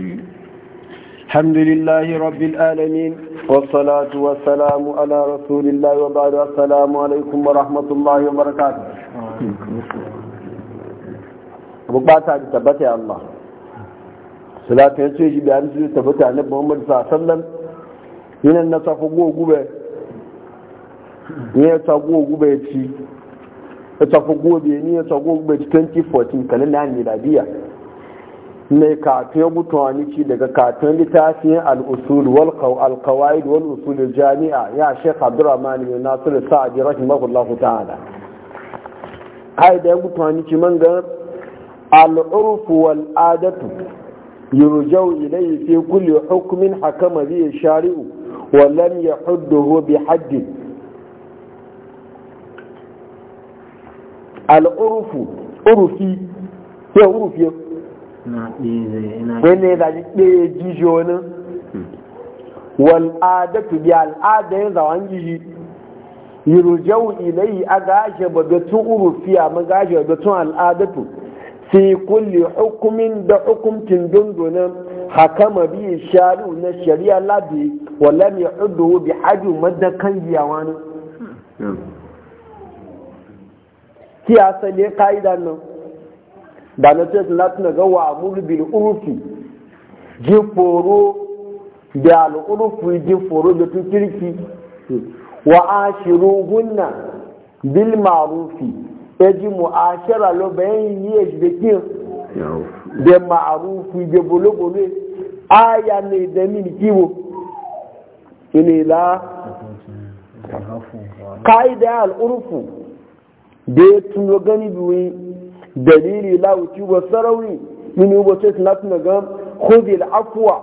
الحمد لله رب العالمين والصلاة والسلام على رسول الله وبعد السلام عليكم ورحمة الله وبركاته bukata da tabbata Allah da harisu da tabbata na Muhammad sallam yinan na safa ya ta go gube ya ya safa go be ne ya ta go gube 2014 mai kafin mutuwani daga kafin littafin al'usul al-qawaid wal usul jami'a ya sheikh abdurrahman mai nasiru sa'adi rahimahullah ta'ala ai da mutuwani ci man ga al-urf wal adatu yurjau ilayhi fi kulli hukmin hakama bihi shari'u wa lam yahudduhu bi haddi al-urf urfi ya urfi wani ya ji ɗaya hmm. wal'ada wal'adatu bi al'ada yin zawon jiji yirujau ilayi a gashe babatun urufiya ma gashe al'ada al'adatu Sai kulle hukumin da hukumcin dundunan hakama bi sharu na shari'a labi wala ya hudu bi hajji madakan giyawa ne hmm. ki asali ka'idan nan da na ce latin ga wa mulu bil urufi ji foro da al urufi ji foro da tun kirki wa ashiru gunna bil ma'rufi e ji mu'ashara lo bayan yi e ji bekin da ma'rufi da bulubulu aya ne da min kiwo ina la kaida al urufu da ya tuno gani biyu dalili la wuce wa sarawi min yubo ce na tuna ga da afuwa,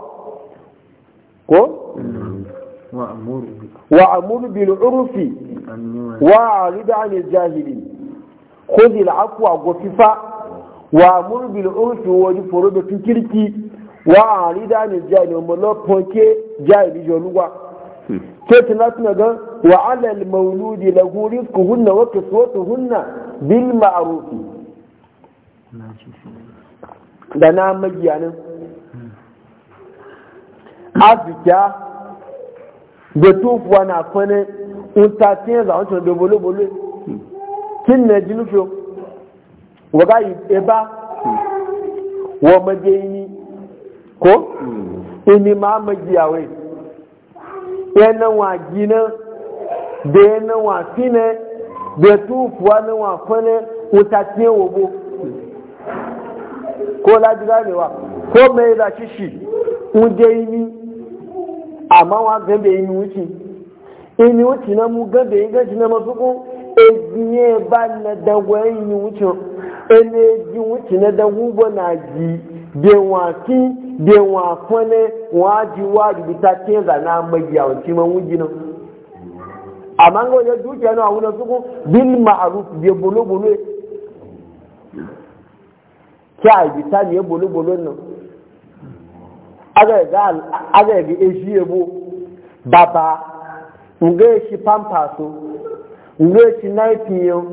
ko wa amuru bil urfi wa arid anil jahilin khudil afwa gofifa wa amuru bil urfi wa di foro do kirki wa arid anil jahilin mo lo ponke jahili joluwa ce tuna tuna ga wa alal mawludi lahu rizquhunna wa kiswatuhunna bil ma'ruf da na magiyanin afirka da tofuwa na fane untatiyar zauntar da bolo-bolo kin na ji nufi wa gayi eba wa ni, ko? ini ma magiyawai yana wa gina da yana wa fine da tofuwa na wa fane untatiyar wabo ko laji ganewa ko mai zaci shi yi ni amma wa gabe yi ni wuce ini wuce na mu gabe yi gaji na masu kun ezinye ba na dagwaye yi ni wuce ene ji wuce na dagugbo na ji benwa ki benwa kwane waji waji bita kenza na magiyawanci man wujinan amma ga wajen dukiya na a wunan suku bil ma'aruf bai bolo bolo kí àìbìtá ni ebologbolo nà agẹ̀gẹ̀ èṣí ebo bàbá ǹgẹ́ èṣí pampaso ǹgẹ́ èṣí náìpìyàn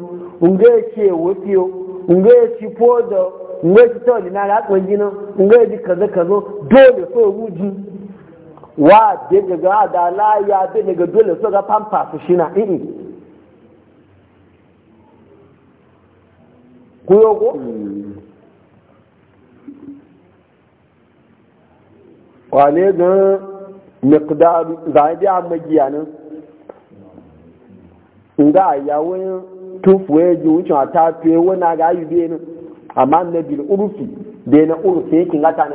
ǹgẹ́ èṣí èwòpìyàn ǹgẹ́ èṣí pọ́ọ̀dọ̀ ǹgẹ́ èṣí tọ́ọ̀lì náà lápẹ́ ǹgẹ́ èṣí kàzẹ́kàzọ́ dóòlù fún ewu jí wà á dé gẹ̀gẹ̀ àdá dóòlù pampaso wane ga miqdaru zaidi a magiyanin nga ya wani tufuwe ji wucin a tafiye wani ga yi biye nan amma na bil urufi da na urufi yake ngata ne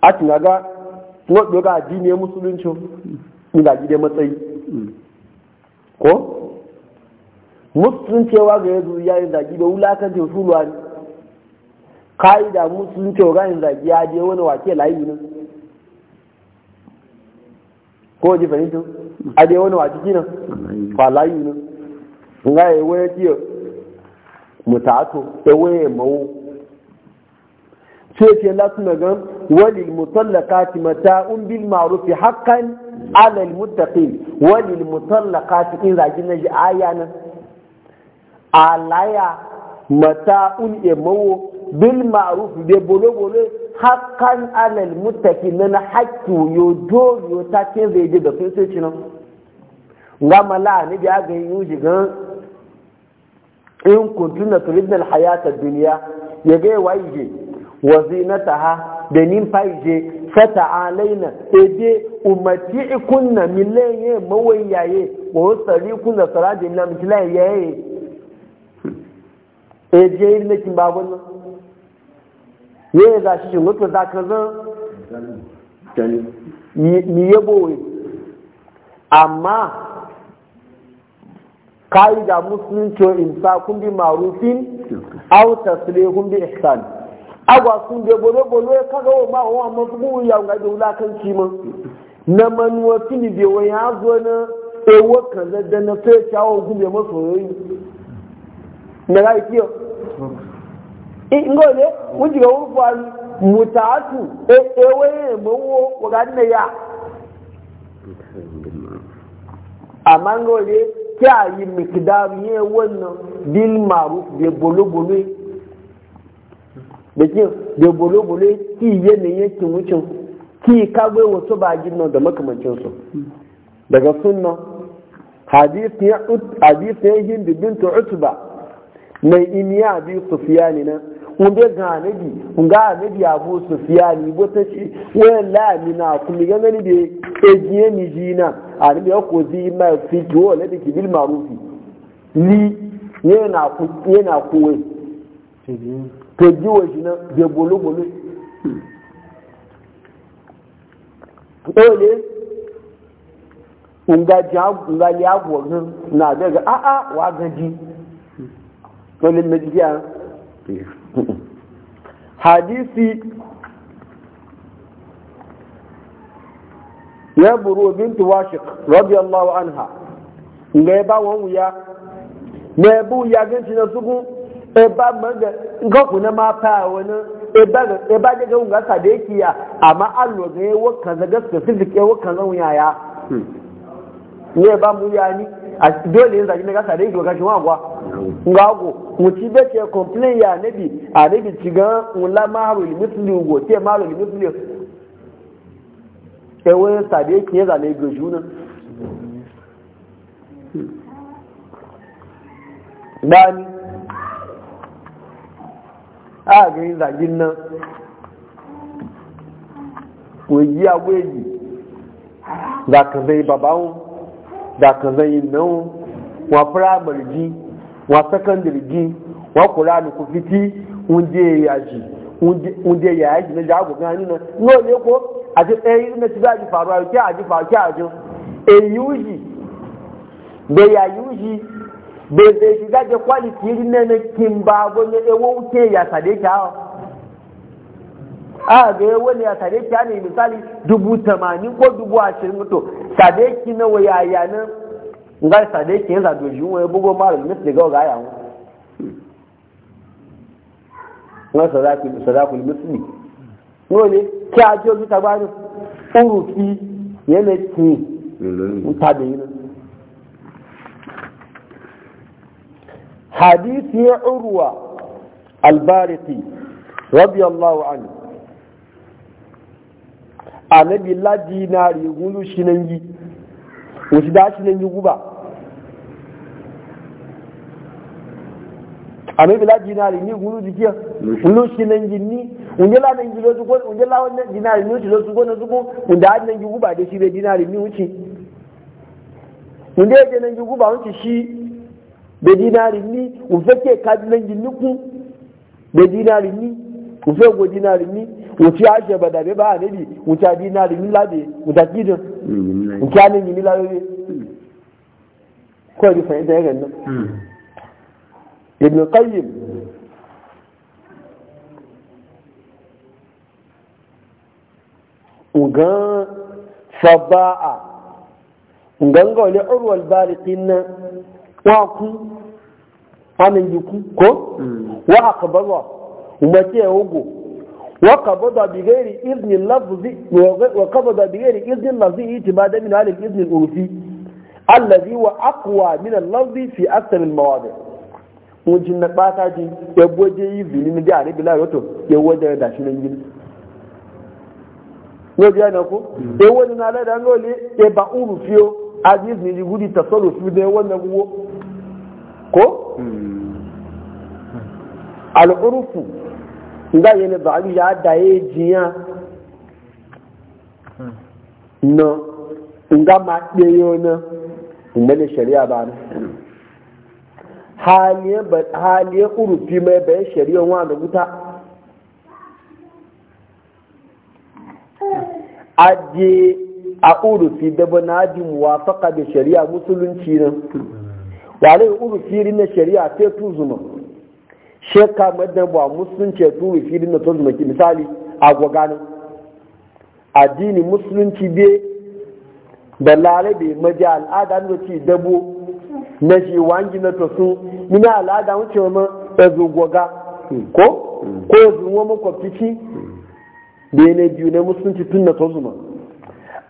a tuna ga wadda ga addiniyar musulunci ga gidan matsayi ko musuluncewa ga yanzu yayin zagi da wulakancin suluwa ne ka'ida musulunci organin zagi ya je wani wake layi ne ko ji fahimta a je wani wake kinan ba layi ne nga ya waya kiyo mutato ya waya mawo sai ce la suna gan walil mutallaqati mata'un bil ma'ruf haqqan 'ala al muttaqin walil mutallaqati in zagi na ji aya nan alaya mata'un e mawo bil ma'ruf be bolo bolo hakan alal muttaqin na hakki yo do yo ta ke zai da sun sai cinan ga mala ne biya ga yuji gan in kuntuna turidna al hayata dunya ya ga waije wa zinataha da nin faije fata alaina ede umati ikunna milenye mawayaye wa sari kunna sarajin lamtilaye yaye eje ilmekin babun nan ye za shi shi mutu za ka zan ya boye amma ka'ida musulunci sa kun bi marufin aw taslihun bi ihsan agwa sun be bolo bolo ka ga wa ma wa mafugu ya ga dula kan kima na manuwa fini be wa ya zo na ewo kaza da na fe chawo gumbe masoyoyi na ga kiyo ngole wujiga wufwa mutatu e, ewe mawo wadanne ya amma ngole kya yi mikdaru ne wannan bil maruf bolo bolobolo da ke be bolobolo ki ka yakin wucin ki kagbe wasu bagin nan da makamancinsu daga sunna hadith ne hindu bintu utba mai imiya bi sufiyani nan unde ga anabi nga anabi abu sufyan ibo ta ci wayan la amina kuma ga ngani be ejiye mi jina anabi ko zi ma fi to la bi bil marufi ni yana ku yana kuwe to jiwo jina be bolo bolo ole nga jagu nga liagwo na daga a a wa gaji to le mejiya hadisi ya buru bintu washiq radiyallahu anha nga ebe awon wuya na ebe wuya ganci na suku ebe maga ngakwu na ma wani ebe daga wunga sa da yake ya amma allo ga yawo kaza ga specific yawo e kaza wuya ya hmm. ne ba mu ya ni a dole yin zaki ne ga sare ki ga shi wagwa ngago muti be ke complain ya nabi a nabi ciga wala maharu limitli go te maharu limitli e wo sare ki ya zale go juna dani a ga yin zaki nan ko yi aweji zaka zai babawun da ka zai nan wa firamare ji wa sakandare ji wa kura ku fiti wunde ya ji wunde ya yi na jago gani na no ne ko a ji eh, ɗaya na ci zaji faruwa ke a ji faru ke a ji e yuji da ya yuji da zai shiga da kwaliti ne na kimba gwamnati ewu ke ya sade ta a ga wani a tare ki ne misali dubu tamanin ko dubu ashirin mutu tare ki na waya yana nga tare ki yanzu doji wani bugo mara da mutu daga waya mu nga sadakul sadakul muslimi ne ki a jo bi tabaru urufi yana ki mutabe yana حديث عروة البارقي رضي الله عنه anabi ladi na rigulu shi nan yi wasu da shi nan yi guba anabi ladi na rigulu gulu jikiya lu shi nan yi ni unje la nan gilo su ko unje la wannan dinari ni lo su ko na su ko unda an nan yi guba da shi be dinari ni wuce unde je nan yi guba wuce shi be dinari ni u fake ka nan yi nuku be dinari ni òfé ògbò dínárì ní òtí àṣẹ bàdàbí bá àdébì òtí àdínárì ní lábẹ́ òtàkìdùn òtí àníyàn ní lábẹ́ kọ́ ìdí fẹ̀yìntì ẹ̀rẹ̀ náà ìbìnà káyìm ǹgán saba'a ǹgán ga wọlé ọrùwà albari kínná wọn kú wọn yìí ko? Hmm. Wa wọn umace hugo wa qabada bi ghairi izni lafzi wa qabada bi ghairi izni lafzi itibada min hal izni al-urfi alladhi wa aqwa min al-lafzi fi akthar al-mawadi wajin na bata ji ya boje yi zini ni da ni bila yoto ya waje da shi nan gini no biya na ko e wani na lada ngole ya ba urufio aziz ni gudi tasarrufu da wannan wo ko hmm. al'urufu nga yana ba ya adaye jiya na nga ma ɗayo na mana shari'a ba na haliyar urufi mai bayan shari'a wa da wuta aje a urufi daba na ajin muwafaka da shari'a musulunci nan wale urufi na shari'a sai tuzuma shekka madan ba musulunci tu fili na tozu maki misali a gwaganin addini musulunci be da larabe maji al'ada da ci dabo na shi wangi na to sun ina al'ada wuce ma ezo gwaga ko ko ezo wa makwabci da yana biyu na musulunci tun na tozu ma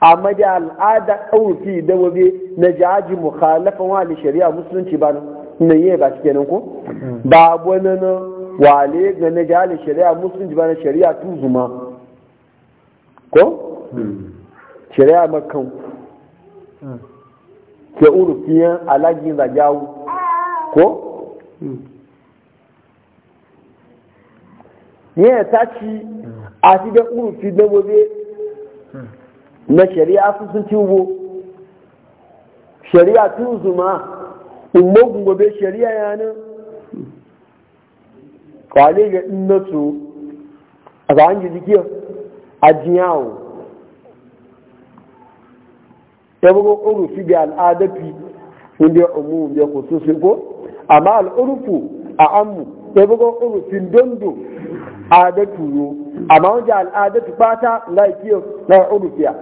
a maji al'ada ɗauki dabo be na jaji mukhalafa wa shari'a musulunci ba nan na yi ba cikin kenan ko ba wani na wale ga na jihar shari'a musulunci ba na shari'a zuma. ko shari'a makan ke urufiyan alagin zagawu ko yẹn ta ci àti da urufi na bẹ na shari'a sun ti wo shari'a tun zuma. umogun gobe shari'a yanin kwale ga innatu a ga hanji jikiya a jiyawo ya bugu urufi da al'adafi wanda ya umu ya kususin ko amma al'urufu a amu ya bugu urufin dondo adatu yo amma wajen al'adatu fata na ikiyar na urufiya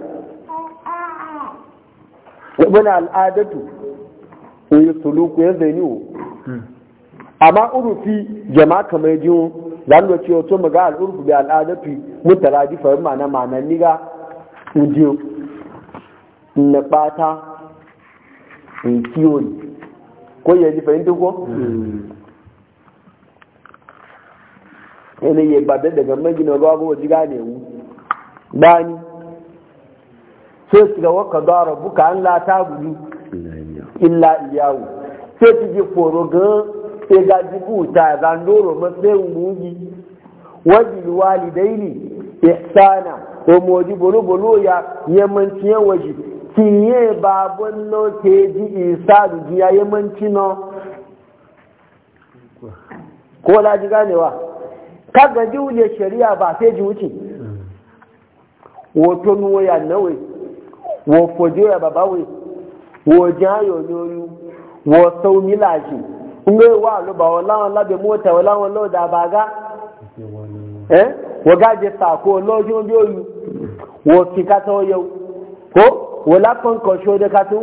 wani al'adatu yi suluku ya zai niwo hmm. amma urufi jama'a kamar jiwo za mu ce wato mu ga al'urufu bi al'adafi mutaradi fa ma'ana mana ni ga ujiyo na bata in kiwo ko ya ji fahimta ko yanayi hmm. ba da daga magina ruwa ba jiga ne wu bani sai su ga waka dara buka an lata gudu illa iyawu sai ti ji foro ga sai ga jibu ta zandoro matsayin mugi wajil walidaini ihsana ko moji bolo bolo ya yamanci yan waje. tiye babun no ke ji isa ji ya yamanci na. ko la ji ganewa kaga jiwule shari'a ba sai ji wuce wato nuwa ya nawe wofo ya babawe wo jayo yoyu wo sau milaji nge wa lo ba wala wala be mota wala wala da baga eh wo gaje ta ko lojo bi oyu wo tika ko wala kon ko sho de ka ga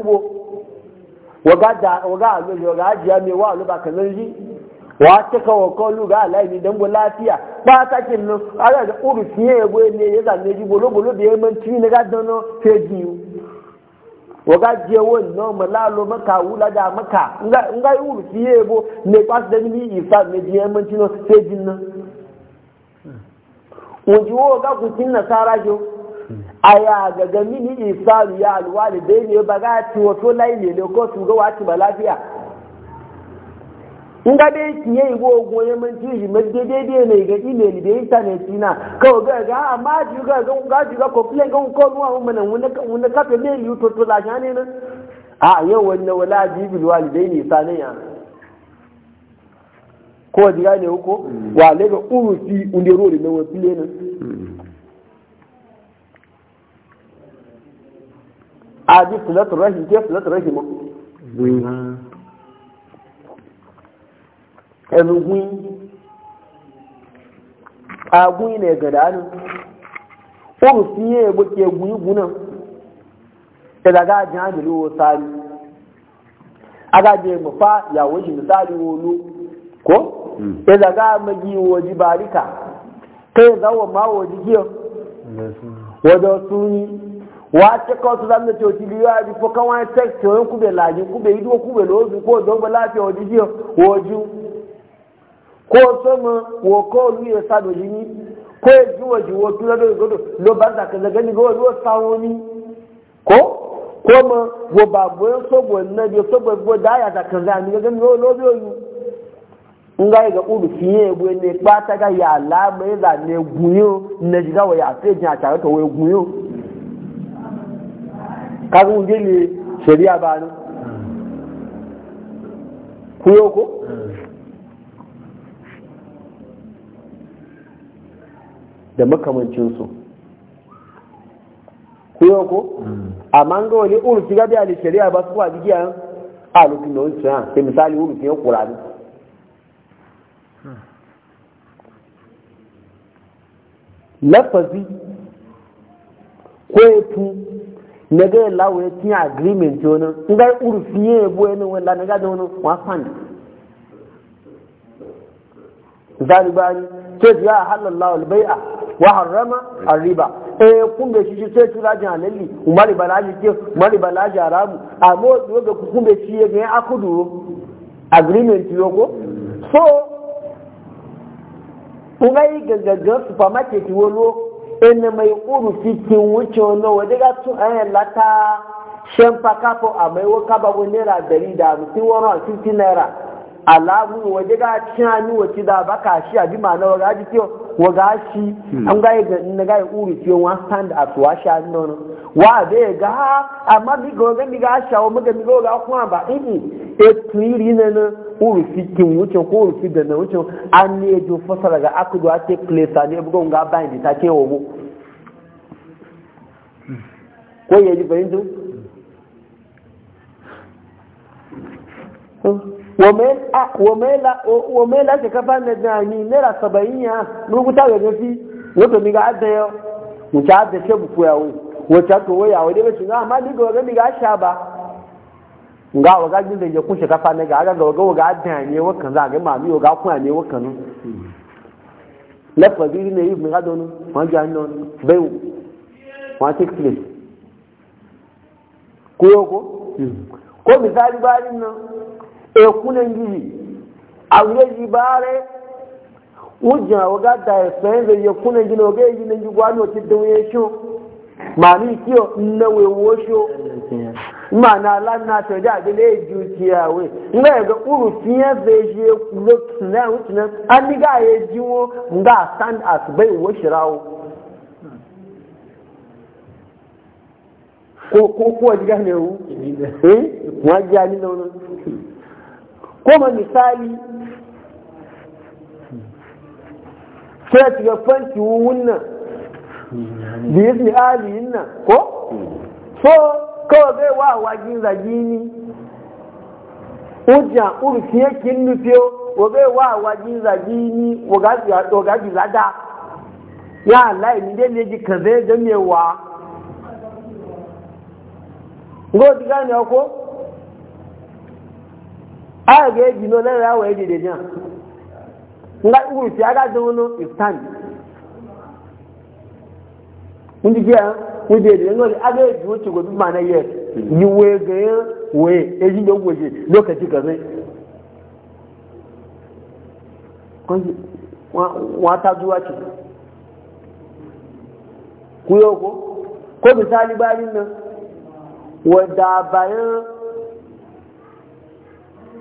lo yo ga ji ami wa aluba ba kan wa ta ka wo ga lai ni dango lafiya ba ta kin no ala da uru fiye bo ne ya zanne ji bolo bolo da yamman ci ne ga dono waga je won no malalo maka wula da maka nga nga yuru fiye bo ne pas da ni isa me je man tino sai jinna wonji wo ga ku tin nasara jo aya ga ga mini isa ya alwali dai ne baga ti wato laile ne ko su ga wati ba lafiya nga be tiye iwo goye man tiji ma dede ne ga email da internet na kawai ga ga amma ah, ji ga ga ga ji ga complain ga ko nuwa mun nan wani wani kafe mail yu to to la jani na a yau wannan wala jibil walidaini sanaya ko diga ne ko mm. wa le ga urusi unde rori na wasile mm. na a ji sulatu rahim ke sulatu rahim elugun agun ne ga dani ne ya buke guni guna ta daga jan da lo sari aga je mu fa ya waji misali wolo ko Ya daga magi waji barika kai zawo ma waji giyo wajen suni wa ce kawo su zama ce oti biyu a bifo kan wani tek ce wani kube lajin kube ido kube lozu ko don ba lafiya waji giyo waju kó sọmọ wò kó olú yẹ sáàdọ̀ yìí ní kó èjì wò jù wò túnlẹ̀ lórí gbọdọ̀ ló bá zàkẹ̀zẹ̀kẹ̀ ní gbọdọ̀ ló sáwọn ní kó kó mọ wò bàbá yẹn sọ̀bọ̀ ẹ̀ náà yẹ sọ̀bọ̀ ẹ̀ gbọdọ̀ àyà zàkẹ̀zẹ̀ àmì gẹ́gẹ́ ní lórí oyún nga ga uru fiye egwe ne kpata ga ya la mai da ne guyo ne jiga wa ya fe jin a tare to we guyo ka gun je ne ba ni kuyo ko da makamancinsu kuyo ko amma ga wani urufi gabi a shari'a ba su kuwa jigiya a lokacin da wancan ha sai misali urufi ya kurani lafazi ko ya tu na ga yi lawo ya tinya agreement wani in ga urufi ya yabo yana wani na ga da wani wasan zalibari ce ya halallahu albai'a wa harrama arriba eh kun be shi sai tula jin halalli umari balaji ke umari balaji haramu amma yo ga kun be shi ga akudu agreement yo ko so unai gaggaga supermarket wolo en mai kuru fitin wuce wannan wadai ga tun ayan eh, lata shan fakapo a mai waka babu naira dari da hamsin wani hamsin naira alamu waje ga ciyani wace da baka shi a bi ma'ana waga ji kiyo waga shi hmm. an ga ga na ga uri kiyo wa stand up wa sha nono wa be ga amma bi go ga mi ga sha mi go ga kuma ba e tuiri ne na uri fikin ko uri fi da na wuce an ne jo fasara ga akudu ate place ne bugo ga bind ta ke wo ko bayin wame ah, lati ah, ah, kafa na jani naira saba'in ya rubuta ga gafi wato ni ga adda yau wuce adda ce buku yawo wace to waya wadai ba shiga amma duk waga ni ga sha ba nga waga jin da ya kushe kafa ne ga ga waga waga adda ne wakan za ga mami waga kuma ne wakan lafazi ne yi mi ga donu wan ja non bai wan take place ko hmm. ko ko misali ba nan ekunan gizi a wuri bare wujan waga da ya sayan zai ya kunan gina waga ya gina gi gwano ti da wuyan shi ma na wewo shi ma na lan na da ya we nga ya uru fiye zai shi ya kuzo tunan wutunan an ni ga ya jiwo nga stand as bai wo shirawo ko ko ko ji gane wu eh wa ji ani nono kuma misali sai shiga fanki wunnan da nan ko? so kawai zai wa wagin zagi ni ujja urfi yake nufiyo wa zai wa zagi ni wagaji zada ya ni dai ka zai gane ko aya ga-eji n'olere wee ejide ya nga ngwurusi agadị ụnụ istan ndị ji ya ndị ejide n'oli aga eji uche gobi ma na yes yi wee ganye wee eji na ogwoji lokaci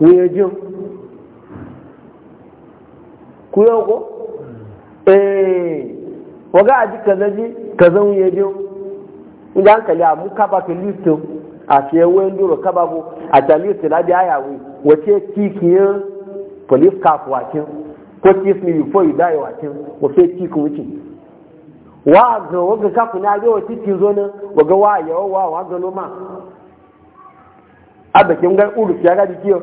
wuye jin ku yau ko eh waga aji kaza ji kaza wuye jin inda hankali a mun kaba fi listin a fiye wuyan duro kaba bu a ta listin na biya yawo wace kikiyin police cap wakin ko chief me before you die wakin wace kikin wucin wa ga waga kafu na ga wata cikin zo nan waga wa yawa wa wa ga noma a bakin ga urus ya gaji kiyo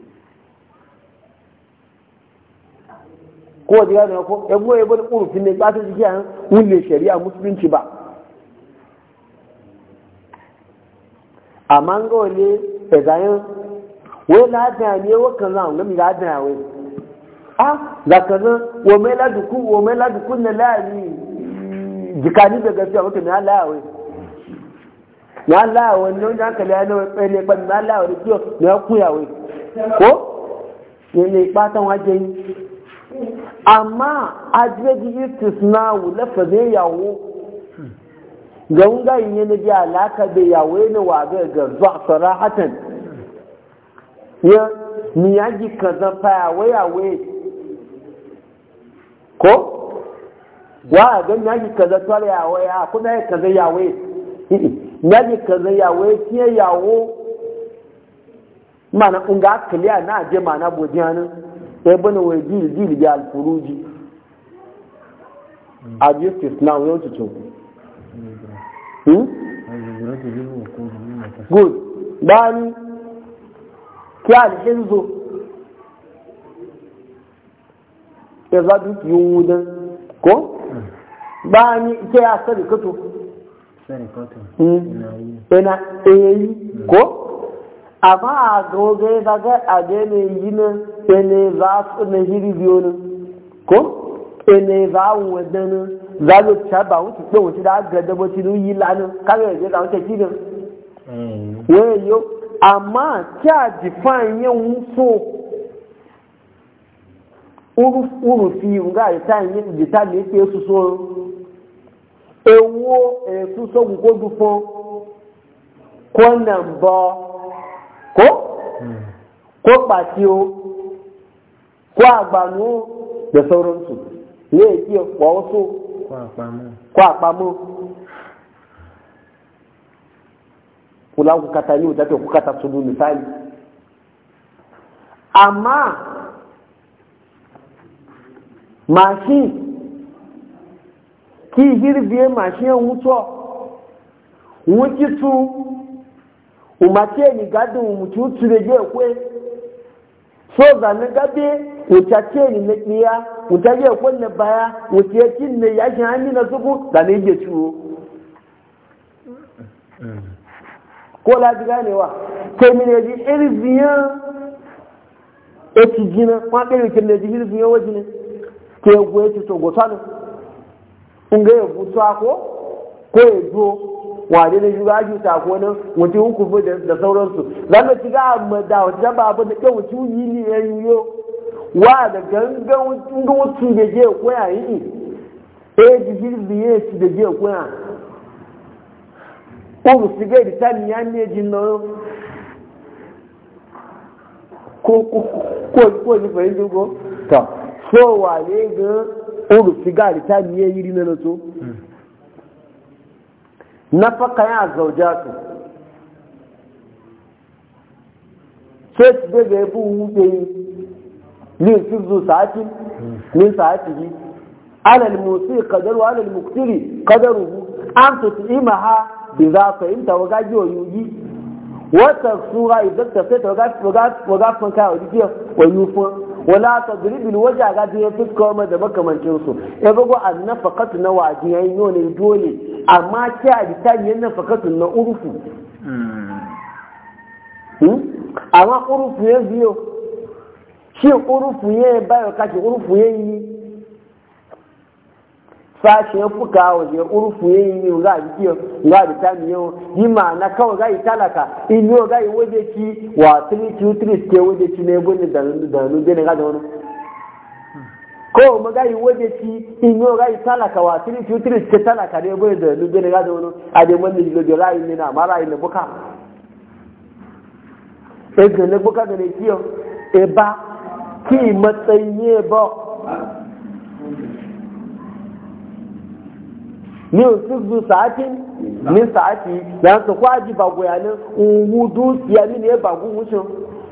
ko wajen gane ko yan goye bane urufin ne ba ta jiki an wulle shari'a musulunci ba amma ga wale da zayin wai lafiya ne wakan zan gami lafiya wai a zakarin wa mai ladukun wa mai ladukun na la'ayi jikani da gaskiya wakan na la'awai na la'awai ne wani hankali ya nawa tsaye ne ban na la'awai da kiyo na kuya wai ko ne ne batan wajen amma a na istisna lafazin yawo ga wungayin yana bi alaka da yawo yana waga ga zuwa sarahatan ya niyaji kaza fayawa yawo ko wa ga niyaji kaza tsara yawo ya kuna ya kaza yawo niyaji kaza yawo ya yawo mana unga a na je mana bojiyanin ebene wee dil dil bi alfuruji adjectives noun yóò tuntun good báyìí kí alhizu ẹ̀zá dúkìá owó dán kó báyìí kí a sẹ́rì kótó ẹ̀nà èyí kó àmọ́ àgbọ̀gẹ́ ẹ̀zá gẹ́ àgbẹ̀ ní yìí ene za su na jiri biyo ne ko ene za mu wadana za mu ta ba wuce ɗin wuce da aka dabo ci duk yi lanin kare yanzu da wuce kidin wani yau amma kya jifan yin wuso urufi nga ita yin jita ne ke su so ewo esu so gugu dufo ko ko ko hmm. pati o ko agbanu da sauransu ne ya kiyo wa wasu ko akpamu kula ku kata ni utape ku kata tudu misali amma mashi ki hirbiye mashi ya wuto wukitu umace ni gadin mutu tutu da je kwe so zanen gabe wuta ce ni na ɗiya wuta je kwanne baya wuta ya kin ne ya shi hannu na suku da ne iya ciwo ko la ji ganewa ke mi ne ji irziya e ci gina ma kare ke ne ji irziya waje ne ke go ya ci to go sanu ga ya buta ko ko ya zo wade ne shi gaji ta ko nan wuce hukufu da sauransu zan ci ga amma da wata ba abin da kyau wuce yi ne ya yi yau wa da gangan wasu da je koya yi e eh, jihir da ya ci da je koya ko su ga da tani ya ne jin nan ko ko ni fa yin go to so wa ne ga ko su ga da tani ya yiri na to na faka ya zaujatu sai su ga ga bu wuce min fizu sa'atin min sa'atihi ala al-musi qadar wa ala al-muqtiri qadaruhu an tut'imaha bi za fa inta wa gaji wa yuji wa tafsura idza tafsata wa gaji wa gaji wa gaji ka wa dikiya wa yufa wa la tadrib al-wajha gaji ya fitka ma da makamancin su ya bago annafaqatu na waji yayin yau dole amma ki a bitani yan nafaqatu na urufu amma urufu ya biyo shi urufu ya bayo kashi urufu ya yi sashi ya fuka waje urufu ya yi za a jikiyo za a bita miyo yi ma'ana kawai za a yi talaka yau za a yi waje ki wa 323 ke waje ki ne bude da nuje ne gada wani ko mu ga yi waje ki in yau za a yi talaka wa 323 ke talaka ne bude da nuje ne gada wani a dai wani jilo da ra'ayi na ne ne ki matsayi ba ní òsìsù sàátì ní sàátì yàtọ̀ kó àjìbà ba òwú dúkìá nínú ẹ̀bà gúgú sùn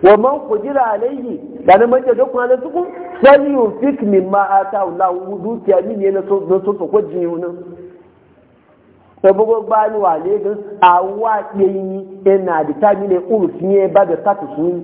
wọ́n máa ń kòjìrà àléyìí yàtọ̀ mẹ́jọ dọ́kun alẹ́ sùkú sẹ́yìn òfin mi máa ata òla òwú dúkìá nínú ẹ̀ lọ́sọ̀tọ̀ kó jìn un náà. ẹ̀bọ́gbọ́ gbá ní wà lẹ́gàn àwọn àti ẹyin ẹ̀ nà àdìtá mi lè kúrò sí ẹ̀ ba da sátìsú yìí.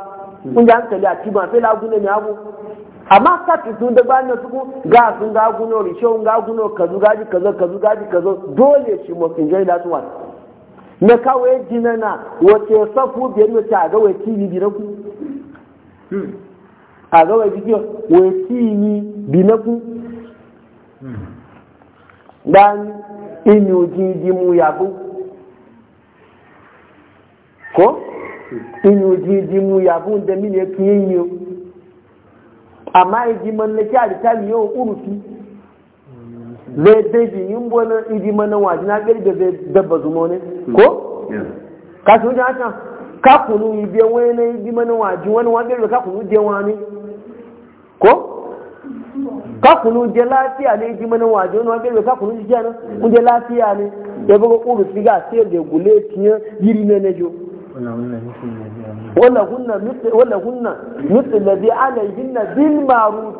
kun ji hankali a tiba sai laguna ne abu amma sa tutun da bayan su ga sun ga rishe risho ga guno kazu gaji kazo kazu gaji kazo dole shi must jai that one na kawai na wace safu biyar wace a gawai tv bi na ku a gawai bidiyo wai tv bi na ku dan inu mu yabo ko inu ji mu ya bu da mini ya kiyin yi amma ya ji mallaki a litali yau urufi zai daji yin bane iji mana waje na gari da zai zumo ne ko ka su wajen haka ka kunu yi biyan na iji mana waje wani wani da ka je wani ko ka je lafiya ne iji mana waje wani ka ga sai da gule tiyan yiri ne wala hunna mithl alladhi alayhin bil ma'ruf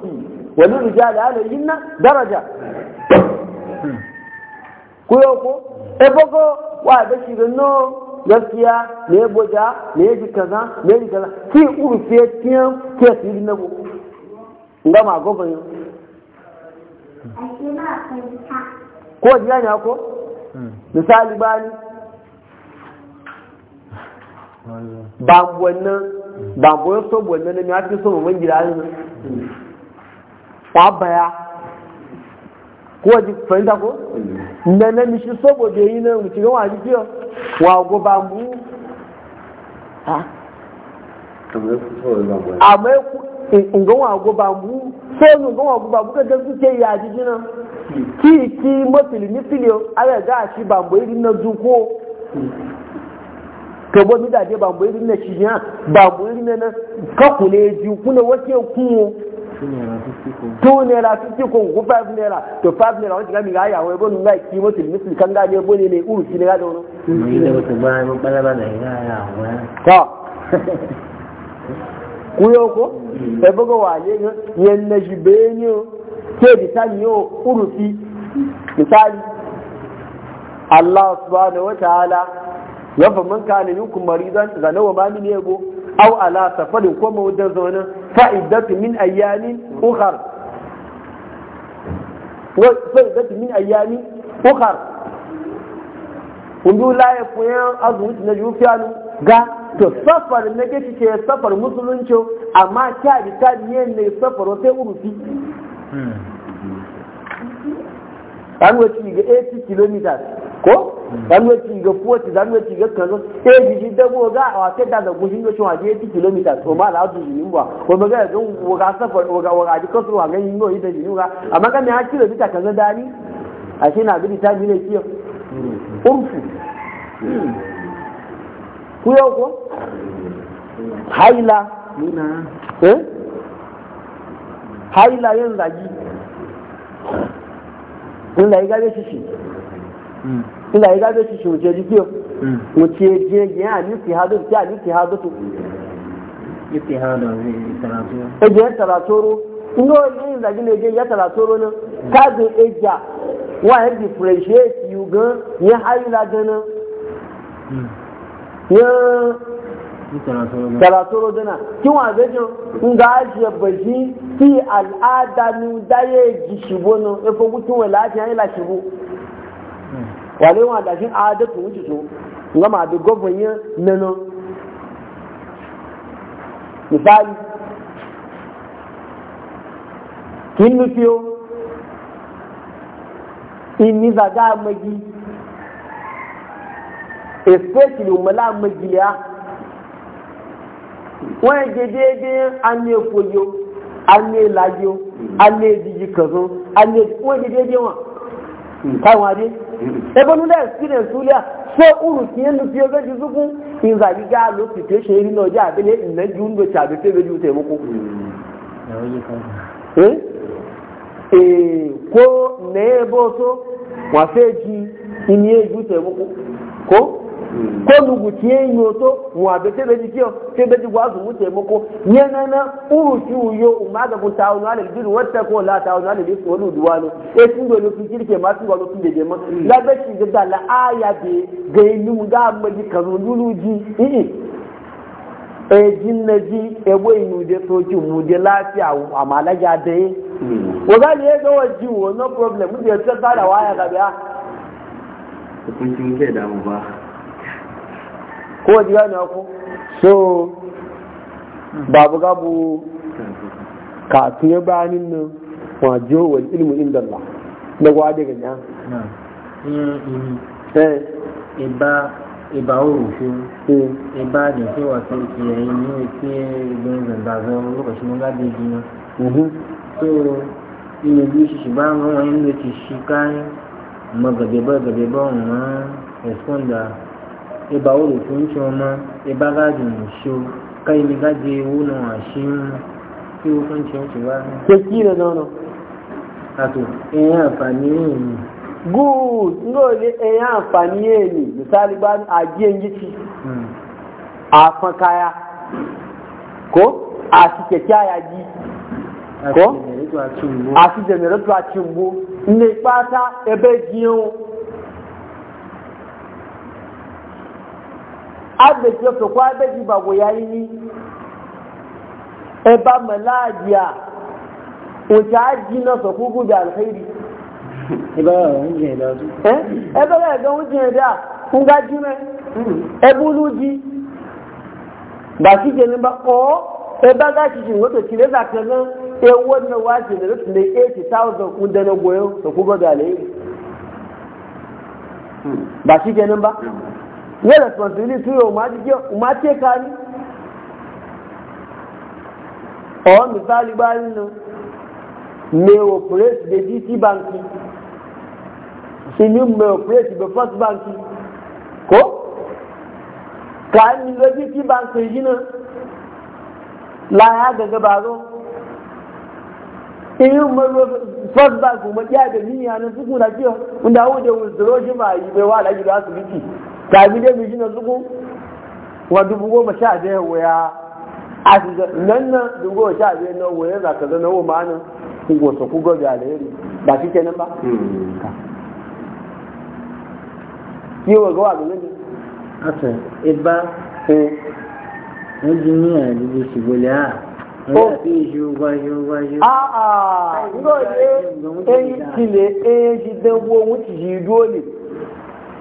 wa lil rijali alayhinna daraja kuyo ko e boko wa da shi no gaskiya ne boja ne ji kaza ne ji kaza ki urfe tiyan ke su yi na ko ngama yi ko jiya ne ako hmm. misali bani ba wannan ba goyon so wannan ne ake fi so mun gida ne ba baya ko ji fahimta ko na na mi shi so da yi na mutum yawa ji kiyo wa go ba mu ha amma ngon wa go ba mu so ngon wa go ba mu ka ga su ke ya ji jina ki ki mafili ni filio ala ga shi ba mu irin na zuko ka bo mida de bambo irin na shi ya bambo irin na ka kule ji kuna wace ku to ne la fifty ko ku five naira to five naira wani gami ga yawo bo nunga ki musul musul kan ga ne bo ne ne uru shi ne ga da wono ni da musul ba mun bala ba da ga yawo ka kuyo ko e bo ga wale yen na shi be ni o ke di tan yo uru fi misali Allah subhanahu wa ta'ala yafa man kana minkum maridan wa ma min yago aw ala safarin ko wajen zawana fa iddatu min ayyamin ukhar wa fa iddatu min ayyamin ukhar undu la ya kuya azu na jufianu ga to safar na ke ce safar musulunci amma ta bi ta ne ne safar sai urufi hmm. an wuce ga 80 kilometers ko zanwe ci ga fuwaci zanwe ci ga kanzo e eh, ji shi dabo ga a ta da da gushin ga shuwa je kilomita to ma la su ni ba ko ma ga ga ga safar ga ga ji kasu wa ganin no ida ni ga amma ga ne ha kilomita kaza dani a shi na gidi ta bi ne kiyo urfu ku yo ko haila eh haila yin ji kun da ya gabe shi shi Mm. ina yi gaza shi shimce jikiyo wuce jirgin mm. alisi hadu ki alisi hadu su ejiyar taratoro ino yin zagi ne ejiyar taratoro nan kazin ejiya wa ya differentiate you gan ya hayula na. ya e taratoro dana kin wa zai jin in ga ajiye bashi fi al'ada ni da ya ji shigo nan ya fi wuce wa lafiya ya la shigo wale wa da shin adatu wuce so nga ma da gwamnati nano misali kin nufiyo in ni zaga magi especially umala magi ya yẹ déédéé ani efoyo ani eladio ani edidi kazo ani wọ́n yẹ déédéé wọn káwọn adé. ebe nuna experience ulia so uru tinye nnukwu ebe ji zukwu inzagi ga alo situation iri na ọjọ abele nne ji ndo cha abete ebe eh? eh, ji utemukwu ee ko na ebe ọsọ wafe ji inye ji utemukwu ko ko luguti ya yi yoto wa da sai daji kiyo sai daji gwazu mu taimako ko. na uru shi uyo ma ga tawo na da biru wata ko la tawo na da biru wani duwalo eh sun dole ma sun gwalo sun da jema la da shi da la aya be ga yi numu ga mu ji kazo luluji eh eh jin na ji e boy mu de soki mu de lafiya amala ja de wa ga ne wo no problem mu de tsara waya ga biya kun kin ke ba ko ji gane ku so babu gabu ka tuye bayanin nan wa jiho wal ilmu inda Allah da gwa daga nya eh iba iba orufu iba eh. da ke wato ke yayi ne ke don zanda zan lokacin mun gabe gina mhm. so ina bi shi ba mun wani da shi kan magabe ba gabe ba mun responder iba uru tun choma iba gaji mushu kai mi gaji uno ashin ki u kun chen chiwa ke kire nono ato eh àǹfààní ni good ngo le eh àǹfààní ni misali ba aje njiti mm afan kaya ko a ti keke aya ji ko a ti jenerator a ti mbo ne pata ebe ji ohun agbèsè ọ̀sọ̀ kó abẹ́jì bàbò ya yìí ní ẹba mẹ́láàjì à òjò ájì sọ kúkú bí àlùfẹ́rì. ẹbẹ̀rẹ̀ oúnjẹ ẹ̀dá ọdún. ẹbẹ̀rẹ̀ ẹ̀dá oúnjẹ ẹ̀dá fún gájú jí bàtíjẹ ní bá kọ́ ẹbá gáṣíṣì wọ́n tó kìlẹ̀ sàkẹ́ náà ewu náà wá sí ẹ̀dá tó lè eighty thousand kún dẹ́nu gbọ́yọ́ sọ kúkú bí àlùfẹ́rì. bàtíjẹ ní bá. wọ́n responsibility yóò máa tẹ́ ka ni. ọ̀hún misali bá nínú may operate the dt banki sinu may operate the first banki ko ká ní lọ dt banki yìí náà láyé àgàgà bàárọ̀ iyo maro first bank mo jẹ́ àgbẹ̀ níyànjú fún kùnà kí ọ̀ ń dáwọ́ jẹ́ wòlùsọ̀rọ̀ ṣe máa yí bẹ́ẹ̀ wà láyé lọ́sibítì tàbí débi jí na zugu wa dubu goma sha biyar wuya. a nan nan dubu goma sha biyar na wuya za ka zana wa ma'anin kugosa kugo da alheri ba shi kenan ba hmm. yi wa gawa da nan ata iba wajen yi a dubu shi gole a A'a, ngo ne, ɗan yi ɗan yi shi dan gowon wuce dole.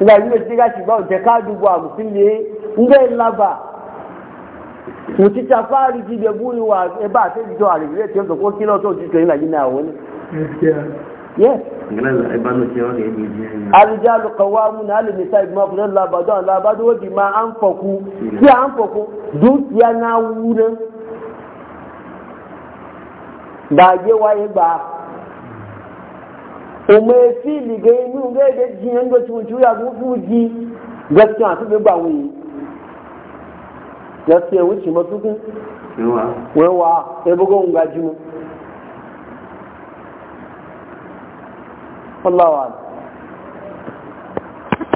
nígbà tí wọ́n ti ká ṣùgbọ́n òjẹ́ káàdù bu àgùsí lé ńgbé ńlábà òtítà fáàrí ti dẹ̀ búrú wà ẹbá àtẹ́jọ àrègbè tí ó sọ fún kílọ̀ tó ti tẹ̀yìn nàìjíríà àwọn ní. àrùjá lùkọ̀wá múnà alìmísà ìgbìmọ̀ fún ẹ̀lá àbàdàn alábàdàn ó di máa à ń fọ̀kú tí à ń fọ̀kú dúkìá náà wú náà. wáyé gbàá ọmọ efi ìlìgẹ inú ńgẹ èdè jiyàn ńgẹ tí mo ti rí àgùn fún jí gẹsí gaskiya mi gbà wọnyí gẹsí ẹwọ tì mọ tukun wọn wà ẹbọgọ ń ga jù Allah wa ala.